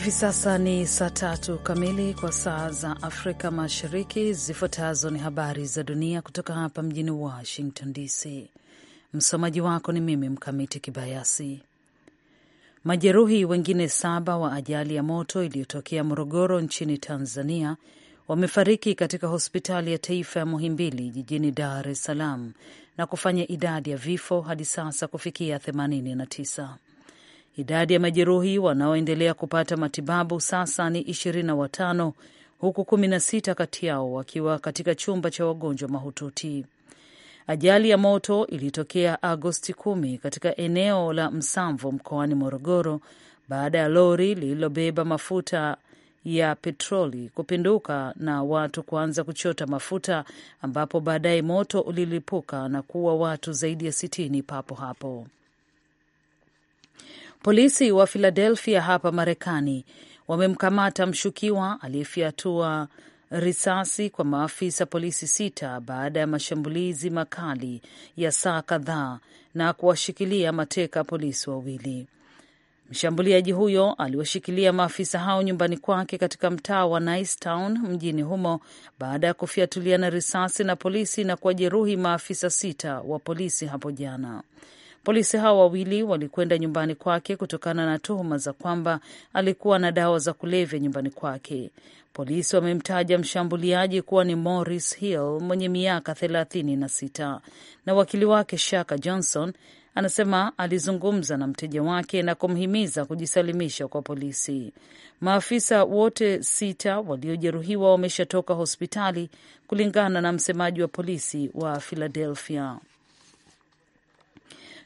Hivi sasa ni saa tatu kamili kwa saa za Afrika Mashariki. Zifuatazo ni habari za dunia kutoka hapa mjini Washington DC. Msomaji wako ni mimi Mkamiti Kibayasi. Majeruhi wengine saba wa ajali ya moto iliyotokea Morogoro nchini Tanzania wamefariki katika hospitali ya taifa ya Muhimbili jijini Dar es Salaam na kufanya idadi ya vifo hadi sasa kufikia 89. Idadi ya majeruhi wanaoendelea kupata matibabu sasa ni ishirini na watano huku kumi na sita kati yao wakiwa katika chumba cha wagonjwa mahututi. Ajali ya moto ilitokea Agosti kumi katika eneo la Msamvu mkoani Morogoro baada ya lori lililobeba mafuta ya petroli kupinduka na watu kuanza kuchota mafuta ambapo baadaye moto ulilipuka na kuua watu zaidi ya sitini papo hapo. Polisi wa Philadelphia hapa Marekani wamemkamata mshukiwa aliyefyatua risasi kwa maafisa polisi sita baada ya mashambulizi makali ya saa kadhaa na kuwashikilia mateka polisi wawili. Mshambuliaji huyo aliwashikilia maafisa hao nyumbani kwake katika mtaa wa Nicetown mjini humo baada ya kufyatuliana risasi na polisi na kuwajeruhi maafisa sita wa polisi hapo jana. Polisi hao wawili walikwenda nyumbani kwake kutokana na tuhuma za kwamba alikuwa na dawa za kulevya nyumbani kwake. Polisi wamemtaja mshambuliaji kuwa ni Morris Hill mwenye miaka thelathini na sita na wakili wake Shaka Johnson anasema alizungumza na mteja wake na kumhimiza kujisalimisha kwa polisi. Maafisa wote sita waliojeruhiwa wameshatoka hospitali kulingana na msemaji wa polisi wa Philadelphia.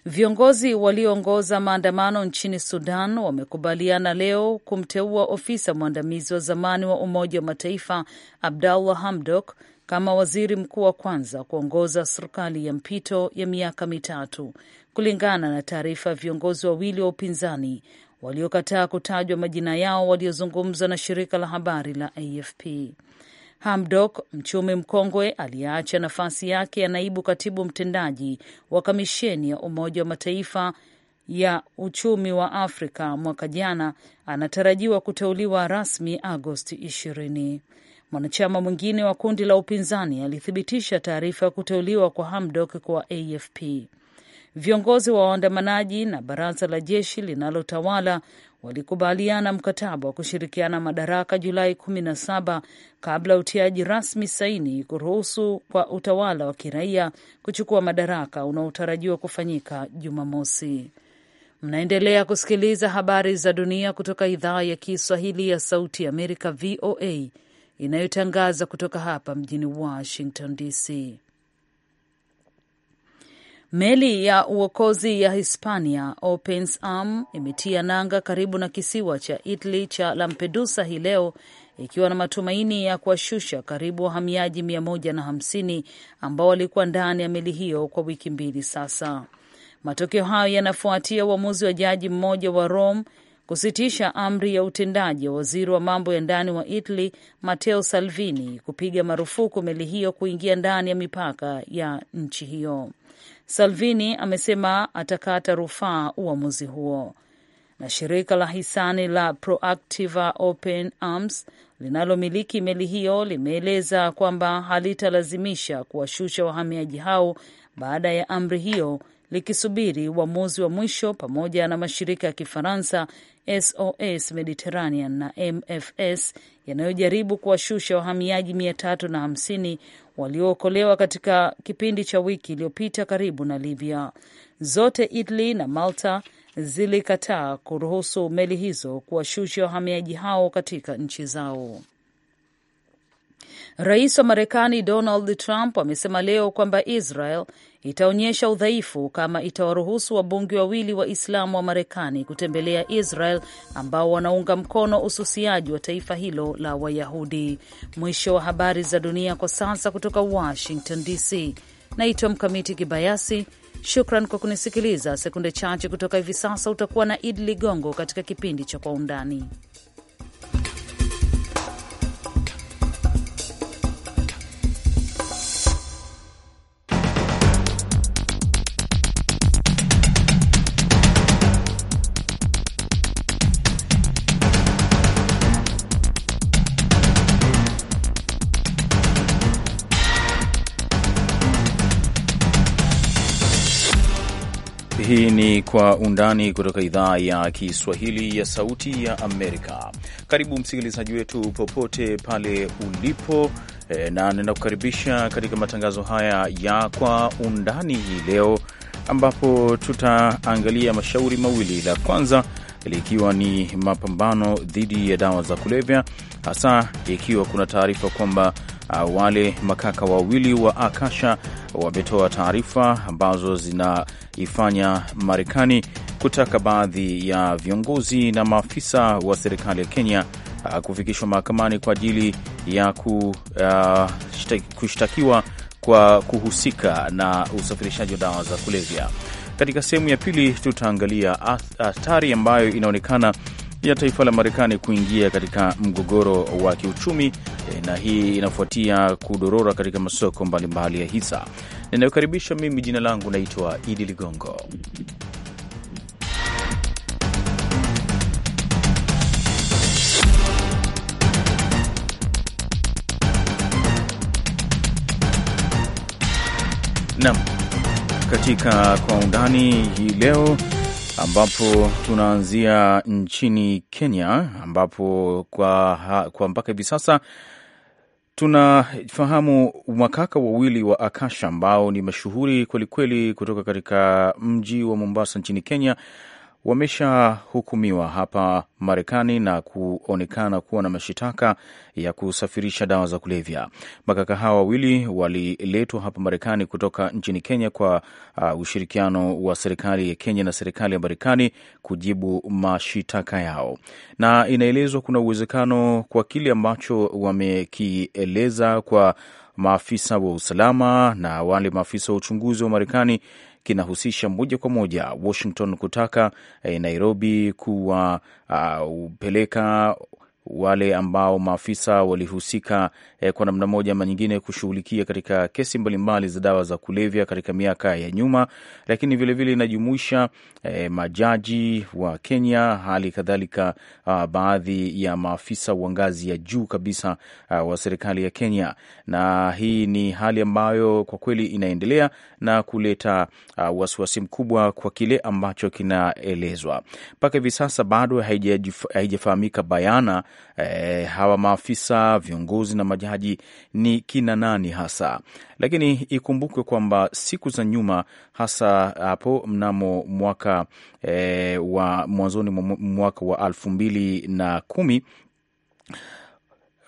Viongozi walioongoza maandamano nchini Sudan wamekubaliana leo kumteua ofisa mwandamizi wa zamani wa Umoja wa Mataifa Abdallah Hamdok kama waziri mkuu wa kwanza kuongoza serikali ya mpito ya miaka mitatu, kulingana na taarifa ya viongozi wawili wa upinzani waliokataa kutajwa majina yao waliozungumza na shirika la habari la AFP. Hamdok, mchumi mkongwe, aliyeacha nafasi yake ya naibu katibu mtendaji wa kamisheni ya Umoja wa Mataifa ya uchumi wa Afrika mwaka jana, anatarajiwa kuteuliwa rasmi Agosti 20. Mwanachama mwingine wa kundi la upinzani alithibitisha taarifa ya kuteuliwa kwa Hamdok kwa AFP. Viongozi wa waandamanaji na baraza la jeshi linalotawala walikubaliana mkataba wa kushirikiana madaraka Julai 17 kabla utiaji rasmi saini kuruhusu kwa utawala wa kiraia kuchukua madaraka unaotarajiwa kufanyika Jumamosi. Mnaendelea kusikiliza habari za dunia kutoka idhaa ya Kiswahili ya Sauti ya Amerika, VOA, inayotangaza kutoka hapa mjini Washington DC. Meli ya uokozi ya Hispania Open Arms imetia nanga karibu na kisiwa cha Italy cha Lampedusa hii leo ikiwa na matumaini ya kuwashusha karibu wahamiaji 150 ambao walikuwa ndani ya meli hiyo kwa wiki mbili sasa. Matokeo hayo yanafuatia uamuzi wa jaji mmoja wa Rome kusitisha amri ya utendaji wa waziri wa mambo ya ndani wa Italy Matteo Salvini kupiga marufuku meli hiyo kuingia ndani ya mipaka ya nchi hiyo. Salvini amesema atakata rufaa uamuzi huo. Na shirika la hisani la Proactiva Open Arms linalomiliki meli hiyo limeeleza kwamba halitalazimisha kuwashusha wahamiaji hao baada ya amri hiyo likisubiri uamuzi wa mwisho pamoja na mashirika ya Kifaransa SOS Mediterranean na MFS yanayojaribu kuwashusha wahamiaji mia tatu na hamsini waliookolewa katika kipindi cha wiki iliyopita karibu na Libya. Zote Italy na Malta zilikataa kuruhusu meli hizo kuwashusha wahamiaji hao katika nchi zao. Rais wa Marekani Donald Trump amesema leo kwamba Israel itaonyesha udhaifu kama itawaruhusu wabunge wawili wa Islamu wa Marekani kutembelea Israel ambao wanaunga mkono ususiaji wa taifa hilo la Wayahudi. Mwisho wa habari za dunia kwa sasa kutoka Washington DC. Naitwa Mkamiti Kibayasi. Shukran kwa kunisikiliza. Sekunde chache kutoka hivi sasa utakuwa na Idi Ligongo katika kipindi cha Kwa Undani. ni Kwa Undani kutoka idhaa ya Kiswahili ya Sauti ya Amerika. Karibu msikilizaji wetu popote pale ulipo e, na ninakukaribisha katika matangazo haya ya Kwa Undani hii leo, ambapo tutaangalia mashauri mawili, la kwanza likiwa ni mapambano dhidi ya dawa za kulevya, hasa ikiwa kuna taarifa kwamba Ah, wale makaka wawili wa Akasha wametoa taarifa ambazo zinaifanya Marekani kutaka baadhi ya viongozi na maafisa wa serikali ya Kenya uh, kufikishwa mahakamani kwa ajili ya ku, uh, kushtakiwa kwa kuhusika na usafirishaji wa dawa za kulevya. Katika sehemu ya pili tutaangalia hatari ambayo inaonekana ya taifa la Marekani kuingia katika mgogoro wa kiuchumi eh, na hii inafuatia kudorora katika masoko mbalimbali ya hisa. Ninayokaribisha mimi, jina langu naitwa Idi Ligongo. Naam, katika kwa undani hii leo ambapo tunaanzia nchini Kenya ambapo kwa, kwa mpaka hivi sasa tunafahamu makaka wawili wa Akasha ambao ni mashuhuri kwelikweli kutoka katika mji wa Mombasa nchini Kenya wameshahukumiwa hapa Marekani na kuonekana kuwa na mashitaka ya kusafirisha dawa za kulevya. Makaka hawa wawili waliletwa hapa Marekani kutoka nchini Kenya kwa uh, ushirikiano wa serikali ya Kenya na serikali ya Marekani kujibu mashitaka yao, na inaelezwa kuna uwezekano kwa kile ambacho wamekieleza kwa maafisa wa usalama na wale maafisa wa uchunguzi wa Marekani kinahusisha moja kwa moja Washington kutaka eh, Nairobi kuwapeleka ah, uh, wale ambao maafisa walihusika eh, kwa namna moja ama nyingine kushughulikia katika kesi mbalimbali za dawa za kulevya katika miaka ya nyuma, lakini vilevile inajumuisha eh, majaji wa Kenya, hali kadhalika ah, baadhi ya maafisa wa ngazi ya juu kabisa ah, wa serikali ya Kenya. Na hii ni hali ambayo kwa kweli inaendelea na kuleta ah, wasiwasi mkubwa kwa kile ambacho kinaelezwa mpaka hivi sasa, bado haijafahamika bayana e, hawa maafisa viongozi na majaji ni kina nani hasa. Lakini ikumbukwe kwamba siku za nyuma, hasa hapo mnamo mwaka e, wa mwanzoni mwa mwaka wa elfu mbili na kumi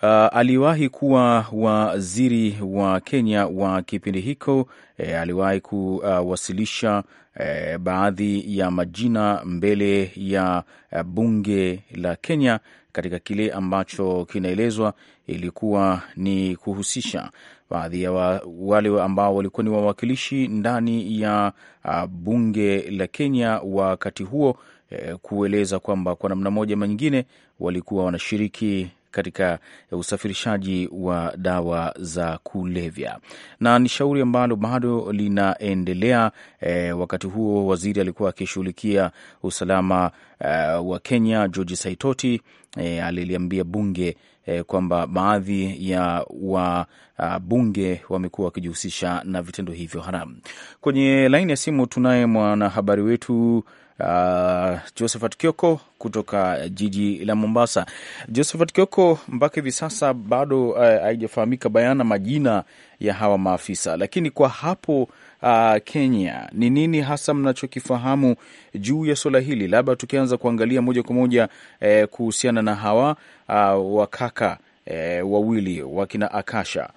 Uh, aliwahi kuwa waziri wa Kenya wa kipindi hicho. E, aliwahi kuwasilisha Eh, baadhi ya majina mbele ya eh, bunge la Kenya katika kile ambacho kinaelezwa ilikuwa ni kuhusisha baadhi ya wa, wale ambao walikuwa ni wawakilishi ndani ya ah, bunge la Kenya wakati huo eh, kueleza kwamba kwa namna moja ama nyingine walikuwa wanashiriki katika usafirishaji wa dawa za kulevya, na ni shauri ambalo bado linaendelea. E, wakati huo waziri alikuwa akishughulikia usalama e, wa Kenya George Saitoti e, aliliambia bunge e, kwamba baadhi ya wabunge ah, bunge wamekuwa wakijihusisha na vitendo hivyo haramu. Kwenye laini ya simu tunaye mwanahabari wetu uh, Josephat Kioko kutoka uh, jiji la Mombasa. Josephat Kioko, mpaka hivi sasa bado uh, haijafahamika uh, bayana majina ya hawa maafisa, lakini kwa hapo uh, Kenya ni nini hasa mnachokifahamu juu ya suala hili? Labda tukianza kuangalia moja kwa moja uh, kuhusiana na hawa uh, wakaka uh, wawili wakina Akasha.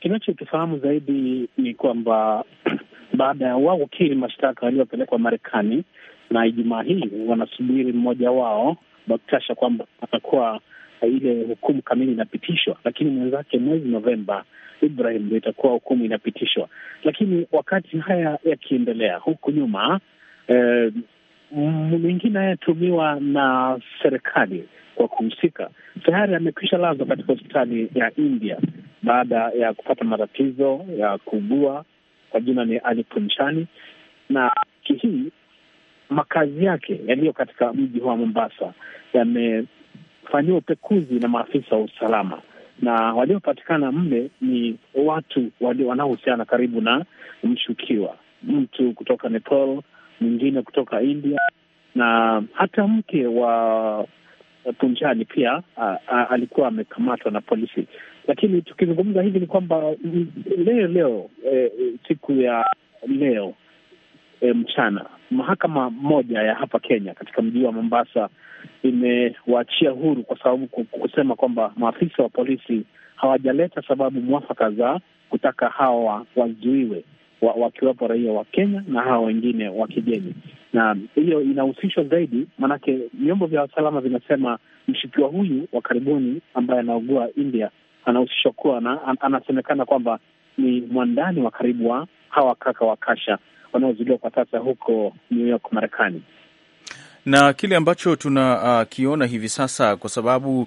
Kinachokifahamu zaidi ni kwamba baada ya wao kukiri mashtaka waliopelekwa Marekani, na Ijumaa hii wanasubiri mmoja wao Baktasha kwamba atakuwa eh, ile hukumu kamili inapitishwa, lakini mwenzake mwezi Novemba Ibrahim ndio itakuwa hukumu inapitishwa. Lakini wakati haya yakiendelea huku nyuma, eh, mwingine anayetumiwa na serikali kwa kuhusika tayari amekwisha lazwa katika hospitali ya India baada ya kupata matatizo ya kuugua kwa jina ni Ali Punchani, na wiki hii makazi yake yaliyo katika mji wa Mombasa yamefanyiwa upekuzi na maafisa wa usalama, na waliopatikana mle ni watu wanaohusiana karibu na mshukiwa, mtu kutoka Nepal, mwingine kutoka India na hata mke wa Eh, Punjani pia a, eh, a, eh, alikuwa amekamatwa na polisi. Lakini tukizungumza hivi ni kwamba leo leo e, siku ya leo e, mchana mahakama moja ya hapa Kenya katika mji wa Mombasa imewaachia huru kwa sababu kusema kwamba maafisa wa polisi hawajaleta sababu mwafaka za kutaka hawa wazuiwe wa, raia wa Kenya na hawa wengine wa kigeni, na hiyo inahusishwa zaidi, maanake vyombo vya usalama vinasema mshukiwa huyu wa karibuni ambaye anaugua India anahusishwa kuwa na an, anasemekana kwamba ni mwandani wa karibu wa hawa kaka wa Kasha wanaozuliwa kwa sasa huko New York Marekani na kile ambacho tunakiona uh, hivi sasa kwa sababu uh,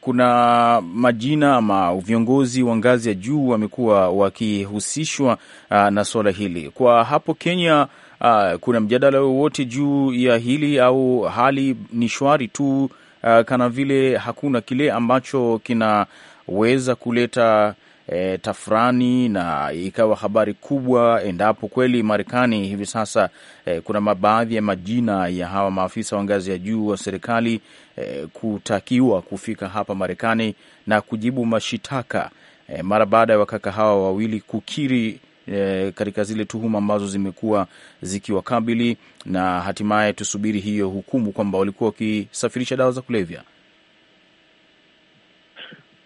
kuna majina ama viongozi wa ngazi ya juu wamekuwa wakihusishwa uh, na suala hili kwa hapo Kenya. Uh, kuna mjadala wowote juu ya hili au hali ni shwari tu uh, kana vile hakuna kile ambacho kinaweza kuleta e, tafurani na ikawa habari kubwa, endapo kweli Marekani hivi sasa e, kuna baadhi ya majina ya hawa maafisa wa ngazi ya juu wa serikali e, kutakiwa kufika hapa Marekani na kujibu mashitaka e, mara baada ya wakaka hawa wawili kukiri E, katika zile tuhuma ambazo zimekuwa zikiwakabili na hatimaye tusubiri hiyo hukumu kwamba walikuwa wakisafirisha dawa za kulevya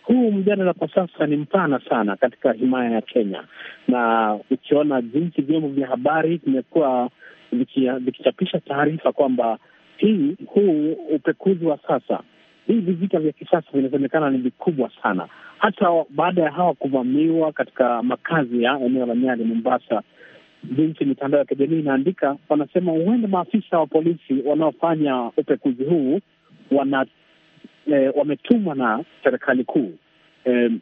huu mjadala kwa sasa ni mpana sana katika himaya ya Kenya, na ukiona jinsi vyombo vya habari vimekuwa vikichapisha taarifa kwamba hii huu upekuzi wa sasa, hivi vita vya kisasa vinasemekana ni vikubwa sana, hata baada ya hawa kuvamiwa katika makazi ya eneo la Nyali, Mombasa jinsi mitandao ya kijamii inaandika, wanasema huenda maafisa wa polisi wanaofanya upekuzi huu wana eh, wametumwa na serikali kuu eh,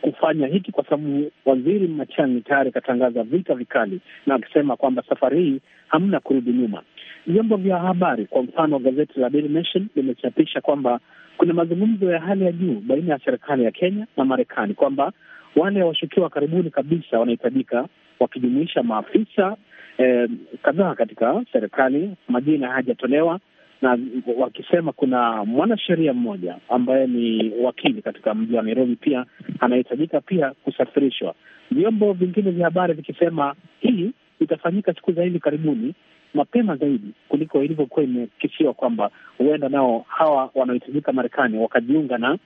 kufanya hiki kwa sababu waziri Machani tayari akatangaza vita vikali na akisema kwamba safari hii hamna kurudi nyuma. Vyombo vya habari kwa mfano gazeti la Daily Nation limechapisha kwamba kuna mazungumzo ya hali ya juu baina ya serikali ya Kenya na Marekani kwamba wale washukiwa karibuni kabisa wanahitajika wakijumuisha maafisa eh, kadhaa katika serikali, majina hayajatolewa na wakisema kuna mwanasheria mmoja ambaye ni wakili katika mji wa Nairobi, pia anahitajika pia kusafirishwa, vyombo vingine vya habari vikisema hii itafanyika siku za hivi karibuni mapema zaidi kuliko ilivyokuwa imekisiwa kwamba huenda nao hawa wanaohitajika Marekani wakajiunga na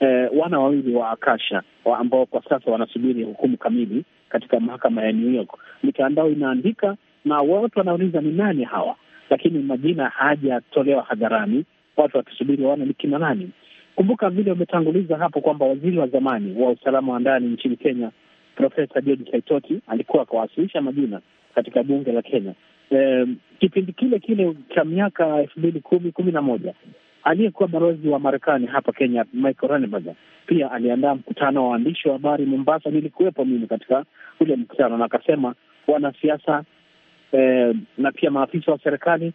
eh, wana wawili wa Akasha wa ambao kwa sasa wanasubiri hukumu kamili katika mahakama ya New York. Mitandao inaandika na watu wanauliza ni nani hawa lakini majina hajatolewa hadharani, watu wakisubiri waone ni kina nani. Kumbuka vile umetanguliza hapo kwamba waziri wa zamani wa usalama wa ndani nchini Kenya Profesa George Saitoti alikuwa akawasilisha majina katika bunge la Kenya e, kipindi kile kile cha miaka elfu mbili kumi kumi na moja aliyekuwa balozi wa Marekani hapa Kenya Michael Ranneberger pia aliandaa mkutano wa waandishi wa habari Mombasa. Nilikuwepo mimi katika ule mkutano, na akasema wanasiasa Eh, na pia maafisa wa serikali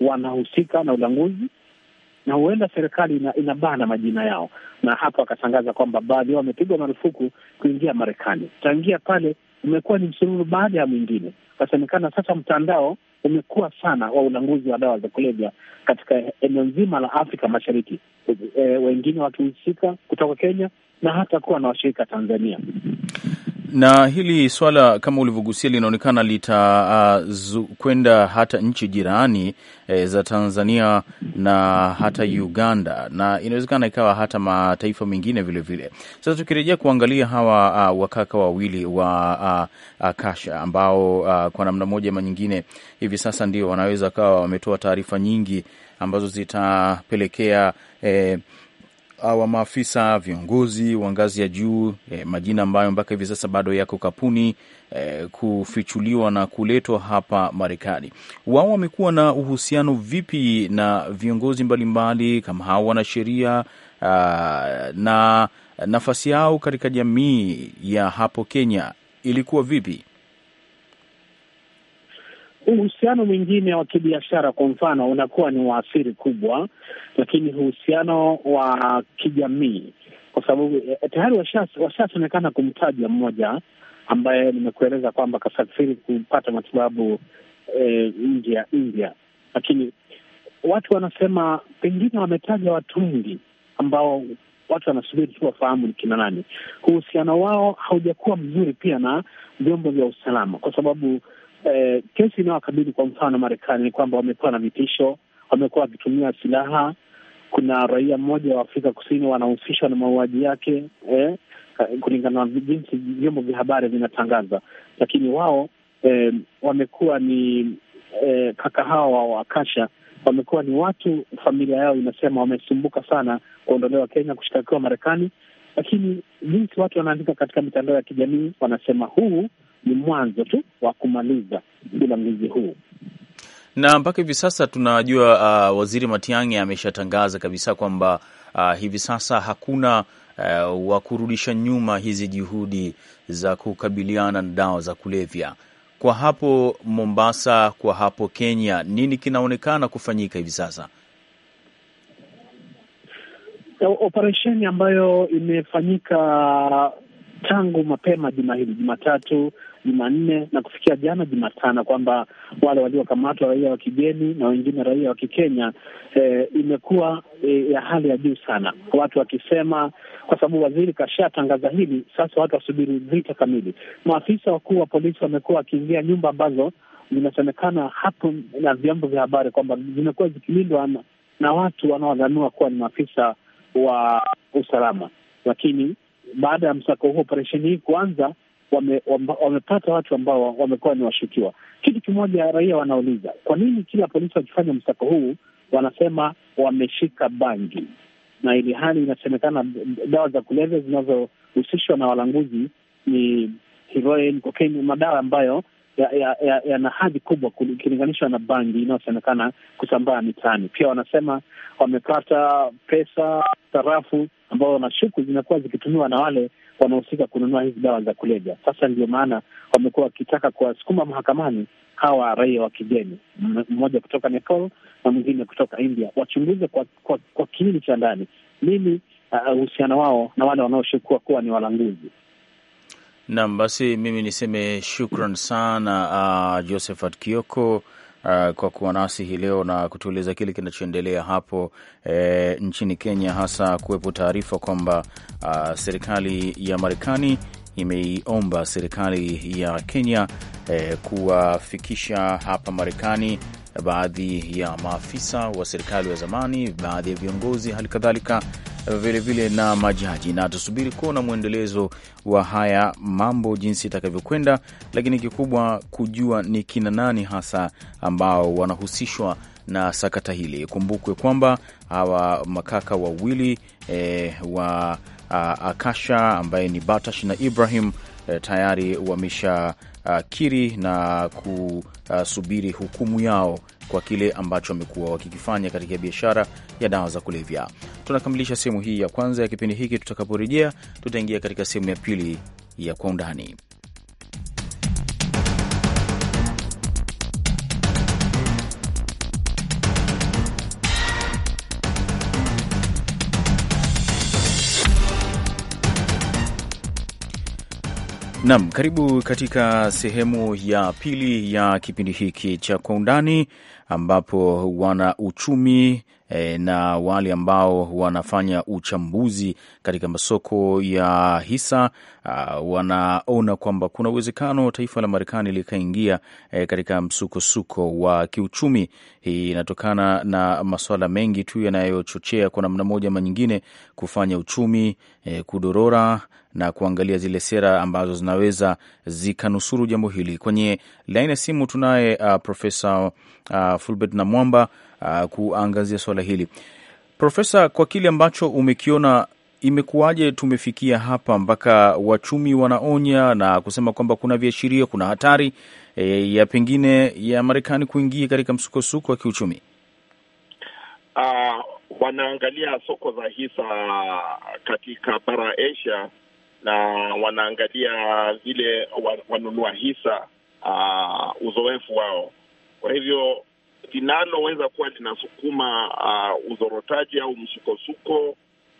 wanahusika na ulanguzi, na huenda serikali ina, inabana majina yao, na hapo akatangaza kwamba baadhi yao wamepigwa marufuku kuingia Marekani. Tangia pale umekuwa ni msururu baada ya mwingine, ukasemekana sasa mtandao umekuwa sana wa ulanguzi wa dawa za kulevya katika eneo nzima la Afrika Mashariki, e, wengine wakihusika kutoka Kenya na hata kuwa na washirika Tanzania na hili swala kama ulivyogusia linaonekana litakwenda uh, hata nchi jirani e, za Tanzania na hata Uganda na inawezekana ikawa hata mataifa mengine vilevile. Sasa tukirejea kuangalia hawa uh, wakaka wawili wa uh, uh, Kasha ambao uh, kwa namna moja ama nyingine hivi sasa ndio wanaweza kawa wametoa taarifa nyingi ambazo zitapelekea eh, Ah, wa maafisa viongozi wa ngazi ya juu eh, majina ambayo mpaka hivi sasa bado yako kapuni eh, kufichuliwa na kuletwa hapa Marekani. Wao wamekuwa na uhusiano vipi na viongozi mbalimbali kama hao wanasheria uh, na nafasi yao katika jamii ya hapo Kenya ilikuwa vipi? uhusiano mwingine wa kibiashara kwa mfano unakuwa ni waathiri kubwa, lakini uhusiano wa kijamii, kwa sababu eh, eh, tayari washasemekana kumtaja mmoja ambaye nimekueleza kwamba kasafiri kupata matibabu e, nje ya India, lakini watu wanasema pengine wametaja watu wengi ambao watu wanasubiri tu wafahamu ni kina nani. Uhusiano wao haujakuwa mzuri pia na vyombo vya usalama, kwa sababu eh, kesi inayokabili kwa mfano Marekani ni kwamba wamekuwa na vitisho, wamekuwa wakitumia silaha. Kuna raia mmoja wa Afrika Kusini wanahusishwa na mauaji yake eh, kulingana na jinsi vyombo vya habari vinatangaza, lakini wao eh, wamekuwa ni eh, kaka hawa wa Akasha wamekuwa ni watu, familia yao inasema wamesumbuka sana kuondolewa Kenya, kushtakiwa Marekani, lakini jinsi watu wanaandika katika mitandao ya kijamii wanasema huu ni mwanzo tu wa kumaliza ulanguzi huu na mpaka hivi sasa tunajua, uh, waziri Matiang'i ameshatangaza kabisa kwamba uh, hivi sasa hakuna uh, wa kurudisha nyuma hizi juhudi za kukabiliana na dawa za kulevya. Kwa hapo Mombasa, kwa hapo Kenya, nini kinaonekana kufanyika hivi sasa? operesheni ambayo imefanyika tangu mapema juma hili Jumatatu Jumanne na kufikia jana Jumatano kwamba wale waliokamatwa raia wa kigeni na wengine raia wa Kikenya eh, imekuwa eh, ya hali ya juu sana, watu wakisema kwa sababu waziri kashatangaza hili sasa, watu wasubiri vita kamili. Maafisa wakuu wa polisi wamekuwa wakiingia nyumba ambazo zinasemekana hapo na vyombo vya habari kwamba zimekuwa zikilindwa na watu wanaodhaniwa kuwa ni maafisa wa usalama, lakini baada ya msako huo, operesheni hii kuanza wamepata wame, wamepata watu ambao wamekuwa ni washukiwa. Kitu kimoja raia wanauliza, kwa nini kila polisi wakifanya msako huu wanasema wameshika bangi, na ili hali inasemekana dawa za kulevya zinazohusishwa na walanguzi ni heroin, cocaine, madawa ambayo yana ya, ya, ya hadhi kubwa ikilinganishwa na bangi inayosemekana kusambaa mitaani. Pia wanasema wamepata pesa, sarafu ambao wanashuku zinakuwa zikitumiwa na wale wanahusika kununua hizi dawa za kulevya. Sasa ndio maana wamekuwa wakitaka kuwasukuma mahakamani hawa raia wa kigeni, mmoja kutoka Nepal na mwingine kutoka India, wachunguze kwa, kwa, kwa kiini cha ndani nini uhusiano wao na wale wanaoshukua kuwa ni walanguzi. Naam, basi mimi niseme shukran sana uh, Josephat Kioko uh, kwa kuwa nasi hii leo na kutueleza kile kinachoendelea hapo e, nchini Kenya, hasa kuwepo taarifa kwamba uh, serikali ya Marekani imeiomba serikali ya Kenya eh, kuwafikisha hapa Marekani baadhi ya maafisa wa serikali wa zamani, baadhi ya viongozi, hali kadhalika vilevile na majaji, na tusubiri kuona mwendelezo wa haya mambo jinsi itakavyokwenda, lakini kikubwa kujua ni kina nani hasa ambao wanahusishwa na sakata hili. Kumbukwe kwamba hawa makaka wawili e, wa a, ah, Akasha ambaye ni Batash na Ibrahim e, tayari wamesha Uh, kiri na kusubiri hukumu yao kwa kile ambacho wamekuwa wakikifanya katika biashara ya dawa za kulevya. Tunakamilisha sehemu hii ya kwanza ya kipindi hiki. Tutakaporejea, tutaingia katika sehemu ya pili ya Kwa Undani. Nam, karibu katika sehemu ya pili ya kipindi hiki cha Kwa Undani, ambapo wana uchumi e, na wale ambao wanafanya uchambuzi katika masoko ya hisa uh, wanaona kwamba kuna uwezekano taifa la Marekani likaingia e, katika msukosuko wa kiuchumi. Hii inatokana na masuala mengi tu yanayochochea kwa namna moja ama nyingine kufanya uchumi e, kudorora na kuangalia zile sera ambazo zinaweza zikanusuru jambo hili. Kwenye laini ya simu tunaye uh, Profesa uh, Fulbert na Mwamba uh, kuangazia swala hili. Profesa, kwa kile ambacho umekiona, imekuwaje tumefikia hapa mpaka wachumi wanaonya na kusema kwamba kuna viashiria, kuna hatari e, ya pengine ya Marekani kuingia katika msukosuko wa kiuchumi? Uh, wanaangalia soko za hisa katika bara Asia na wanaangalia vile wanunua hisa uh, uzoefu wao. Kwa hivyo linaloweza kuwa linasukuma uh, uzorotaji au msukosuko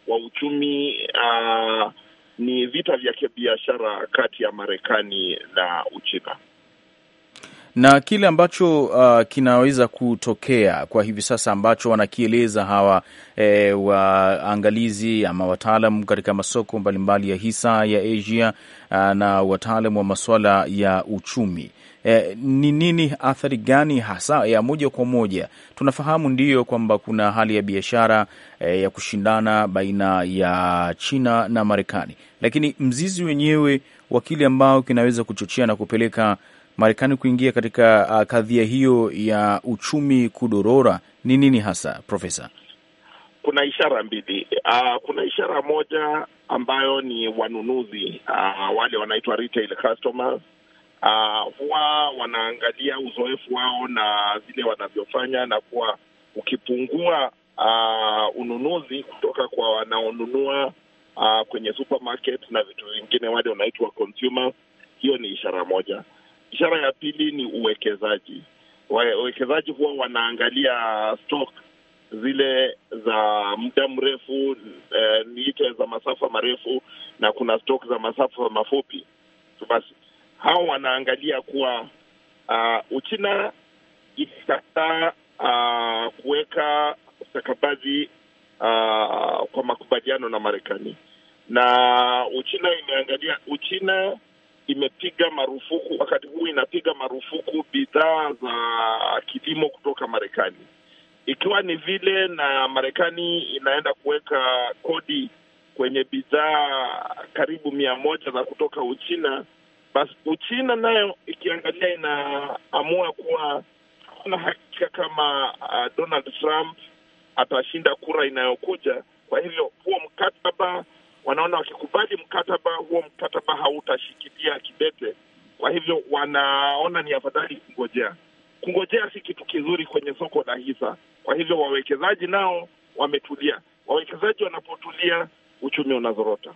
wa uchumi uh, ni vita vya kibiashara kati ya Marekani na Uchina na kile ambacho uh, kinaweza kutokea kwa hivi sasa ambacho wanakieleza hawa e, waangalizi ama wataalam katika masoko mbalimbali ya hisa ya Asia uh, na wataalam wa masuala ya uchumi Eh, ni nini, athari gani hasa ya moja kwa moja? Tunafahamu ndiyo kwamba kuna hali ya biashara eh, ya kushindana baina ya China na Marekani, lakini mzizi wenyewe wa kile ambao kinaweza kuchochea na kupeleka Marekani kuingia katika uh, kadhia hiyo ya uchumi kudorora ni nini hasa, Profesa? Kuna ishara mbili. Uh, kuna ishara moja ambayo ni wanunuzi uh, wale wanaitwa retail customers uh, huwa wanaangalia uzoefu wao na vile wanavyofanya, na kuwa ukipungua uh, ununuzi kutoka kwa wanaonunua uh, kwenye supermarket na vitu vingine, wale wanaitwa consumer, hiyo ni ishara moja. Ishara ya pili ni uwekezaji. Wawekezaji huwa wanaangalia stock zile za muda mrefu eh, niite za masafa marefu na kuna stock za masafa mafupi. Basi hao wanaangalia kuwa uh, Uchina ilikataa uh, ah, kuweka stakabadhi uh, ah, kwa makubaliano na Marekani na Uchina imeangalia, Uchina imepiga marufuku, wakati huu inapiga marufuku bidhaa za kilimo kutoka Marekani, ikiwa ni vile na Marekani inaenda kuweka kodi kwenye bidhaa karibu mia moja za kutoka Uchina basi Uchina nayo ikiangalia inaamua kuwa na hakika kama uh, Donald Trump atashinda kura inayokuja. Kwa hivyo huo mkataba wanaona wakikubali mkataba huo, mkataba hautashikilia kidete. Kwa hivyo wanaona ni afadhali kungojea. Kungojea si kitu kizuri kwenye soko la hisa. Kwa hivyo wawekezaji nao wametulia. Wawekezaji wanapotulia, uchumi unazorota.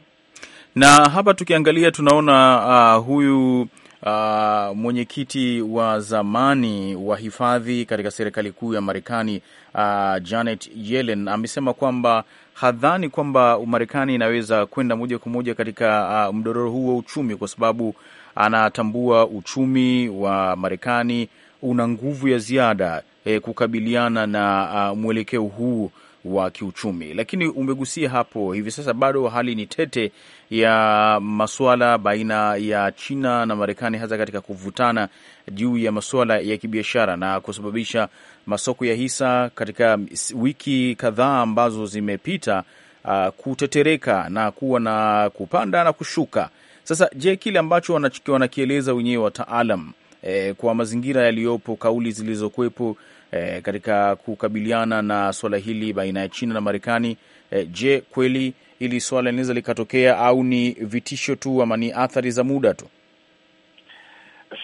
Na hapa tukiangalia tunaona uh, huyu Uh, mwenyekiti wa zamani wa hifadhi katika serikali kuu ya Marekani uh, Janet Yellen amesema kwamba hadhani kwamba Marekani inaweza kwenda moja kwa moja katika uh, mdororo huu wa uchumi, kwa sababu anatambua uchumi wa Marekani una nguvu ya ziada eh, kukabiliana na uh, mwelekeo huu wa kiuchumi. Lakini umegusia hapo, hivi sasa bado hali ni tete ya masuala baina ya China na Marekani, hasa katika kuvutana juu ya masuala ya kibiashara na kusababisha masoko ya hisa katika wiki kadhaa ambazo zimepita uh, kutetereka na kuwa na kupanda na kushuka. Sasa je, kile ambacho wanakieleza wenyewe wataalam eh, kwa mazingira yaliyopo, kauli zilizokuwepo e, katika kukabiliana na suala hili baina ya China na Marekani. E, je, kweli hili suala linaweza likatokea au ni vitisho tu ama ni athari za muda tu?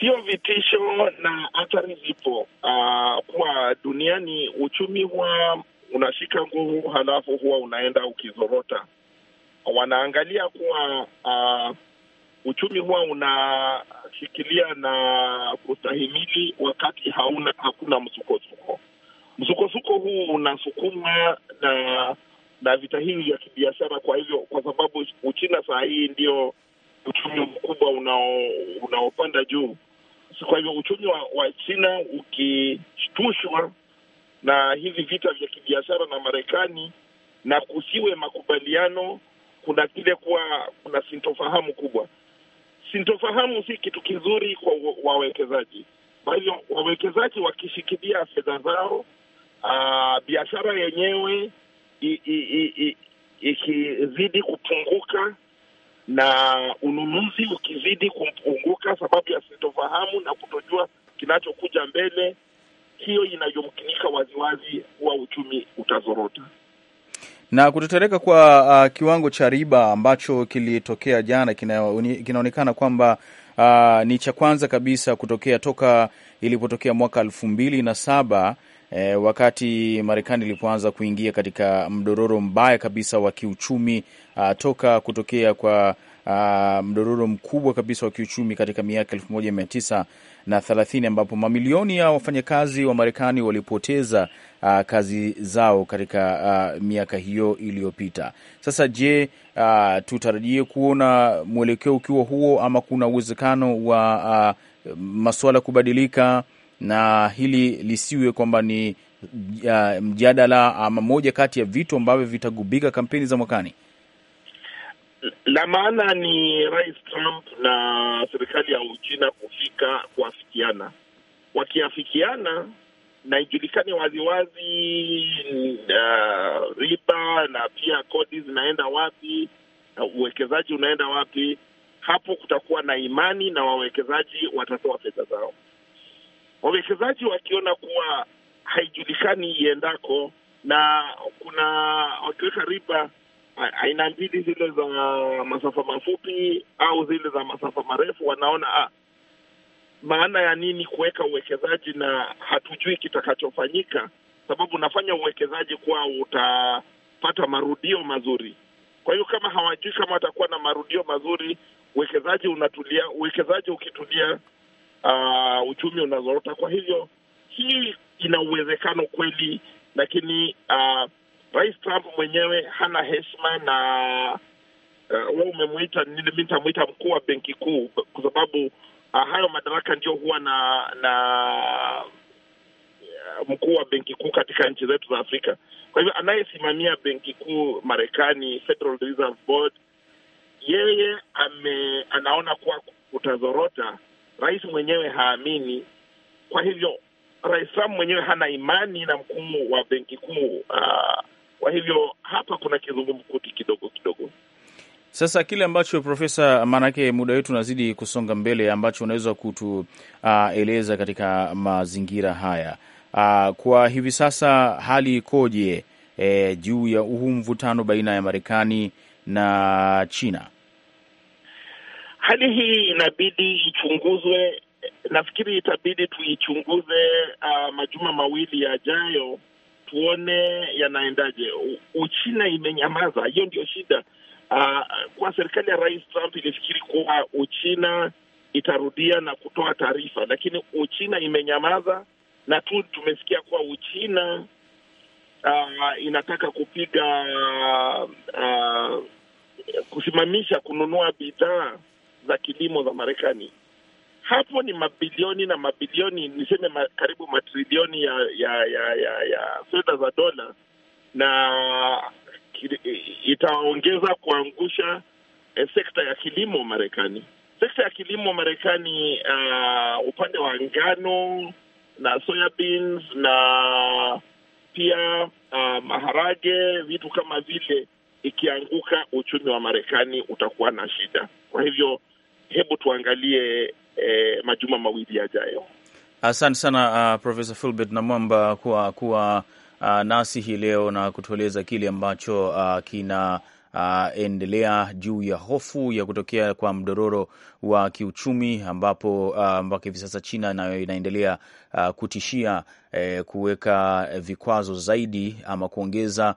Sio vitisho na athari zipo. Uh, kwa duniani uchumi huwa unashika nguvu, halafu huwa unaenda ukizorota. Wanaangalia kuwa uh, uchumi huwa unashikilia na kustahimili wakati hauna hakuna msukosuko. Msukosuko huu unasukuma na na vita hivi vya kibiashara. Kwa hivyo, kwa sababu Uchina saa hii ndio uchumi mkubwa unaopanda juu, kwa hivyo uchumi wa, wa China ukishtushwa na hivi vita vya kibiashara na Marekani na kusiwe makubaliano, kuna kile kuwa kuna sintofahamu kubwa sintofahamu si kitu kizuri kwa wawekezaji. Kwa hivyo wawekezaji wakishikilia fedha zao, ah, biashara yenyewe ikizidi kupunguka na ununuzi ukizidi kupunguka sababu ya sintofahamu na kutojua kinachokuja mbele, hiyo inayomkinika waziwazi kuwa uchumi utazorota. Na kutetereka kwa uh, kiwango cha riba ambacho kilitokea jana kinaonekana kwamba uh, ni cha kwanza kabisa kutokea toka ilipotokea mwaka elfu mbili na saba eh, wakati Marekani ilipoanza kuingia katika mdororo mbaya kabisa wa kiuchumi uh, toka kutokea kwa Uh, mdororo mkubwa kabisa wa kiuchumi katika miaka elfu moja mia tisa na thelathini ambapo mamilioni ya wafanyakazi wa Marekani walipoteza uh, kazi zao katika uh, miaka hiyo iliyopita. Sasa je, uh, tutarajie kuona mwelekeo ukiwa huo ama kuna uwezekano wa uh, masuala kubadilika na hili lisiwe kwamba ni uh, mjadala ama moja kati ya vitu ambavyo vitagubika kampeni za mwakani? La maana ni Rais Trump na serikali ya Uchina kufika kuafikiana. Wakiafikiana na ijulikane waziwazi uh, riba na pia kodi zinaenda wapi, uwekezaji unaenda wapi. Hapo kutakuwa na imani na wawekezaji watatoa fedha zao. Wawekezaji wakiona kuwa haijulikani iendako na kuna wakiweka riba aina mbili, zile za masafa mafupi au zile za masafa marefu, wanaona ah, maana ya nini kuweka uwekezaji na hatujui kitakachofanyika, sababu unafanya uwekezaji kuwa utapata marudio mazuri. Kwa hiyo kama hawajui kama watakuwa na marudio mazuri, uwekezaji unatulia. Uwekezaji ukitulia, uh, uchumi unazorota. Kwa hivyo hii ina uwezekano kweli, lakini uh, Rais Trump mwenyewe hana heshima na uh, wa umemwita, nitamwita mkuu wa benki kuu kwa sababu uh, hayo madaraka ndio huwa na na mkuu wa benki kuu katika nchi zetu za Afrika. Kwa hivyo anayesimamia benki kuu Marekani, Federal Reserve Board, yeye ame, anaona kuwa kutazorota, rais mwenyewe haamini. Kwa hivyo rais Trump mwenyewe hana imani na mkuu wa benki kuu ah, kwa hivyo hapa kuna kizungumkuti kidogo kidogo. Sasa kile ambacho profesa, maanake muda wetu unazidi kusonga mbele, ambacho unaweza kutueleza uh, katika mazingira haya uh, kwa hivi sasa hali ikoje eh, juu ya huu mvutano baina ya Marekani na China? Hali hii inabidi ichunguzwe, nafikiri itabidi tuichunguze uh, majuma mawili yajayo, tuone yanaendaje. Uchina imenyamaza, hiyo ndio shida Uh, kwa serikali ya Rais Trump ilifikiri kuwa Uchina itarudia na kutoa taarifa, lakini Uchina imenyamaza na tu tumesikia kuwa Uchina uh, inataka kupiga uh, kusimamisha kununua bidhaa za kilimo za Marekani. Hapo ni mabilioni na mabilioni, niseme ma, karibu matrilioni ya ya ya ya, ya fedha za dola na itaongeza kuangusha eh, sekta ya kilimo Marekani. Sekta ya kilimo Marekani uh, upande wa ngano na soyabeans na pia uh, maharage, vitu kama vile, ikianguka uchumi wa Marekani utakuwa na shida. Kwa hivyo hebu tuangalie eh, majuma mawili yajayo. Asante sana uh, ah, Profesa Fulbert Namwamba kwa kuwa uh, nasi hii leo na kutueleza kile ambacho uh, kina Uh, endelea juu ya hofu ya kutokea kwa mdororo wa kiuchumi ambapo uh, mpaka hivi sasa China nayo inaendelea uh, kutishia uh, kuweka vikwazo zaidi ama kuongeza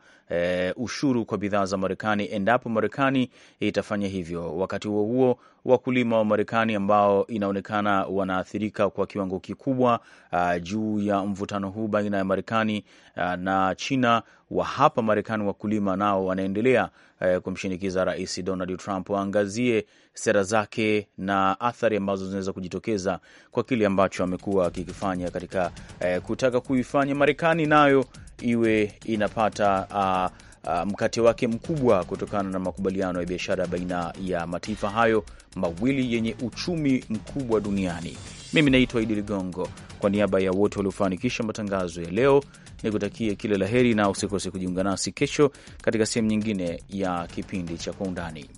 uh, ushuru kwa bidhaa za Marekani endapo Marekani itafanya hivyo. Wakati huo huo, wakulima wa Marekani ambao inaonekana wanaathirika kwa kiwango kikubwa uh, juu ya mvutano huu baina ya Marekani uh, na China wa hapa Marekani wakulima nao wanaendelea uh, kumshinikiza Rais Donald Trump waangazie sera zake na athari ambazo zinaweza kujitokeza kwa kile ambacho amekuwa akikifanya katika uh, kutaka kuifanya Marekani nayo iwe inapata uh, Uh, mkate wake mkubwa kutokana na makubaliano ya biashara baina ya mataifa hayo mawili yenye uchumi mkubwa duniani. Mimi naitwa Idi Ligongo, kwa niaba ya wote waliofanikisha matangazo ya leo nikutakie kila la heri, na usikose kujiunga nasi kesho katika sehemu nyingine ya kipindi cha Kwa Undani.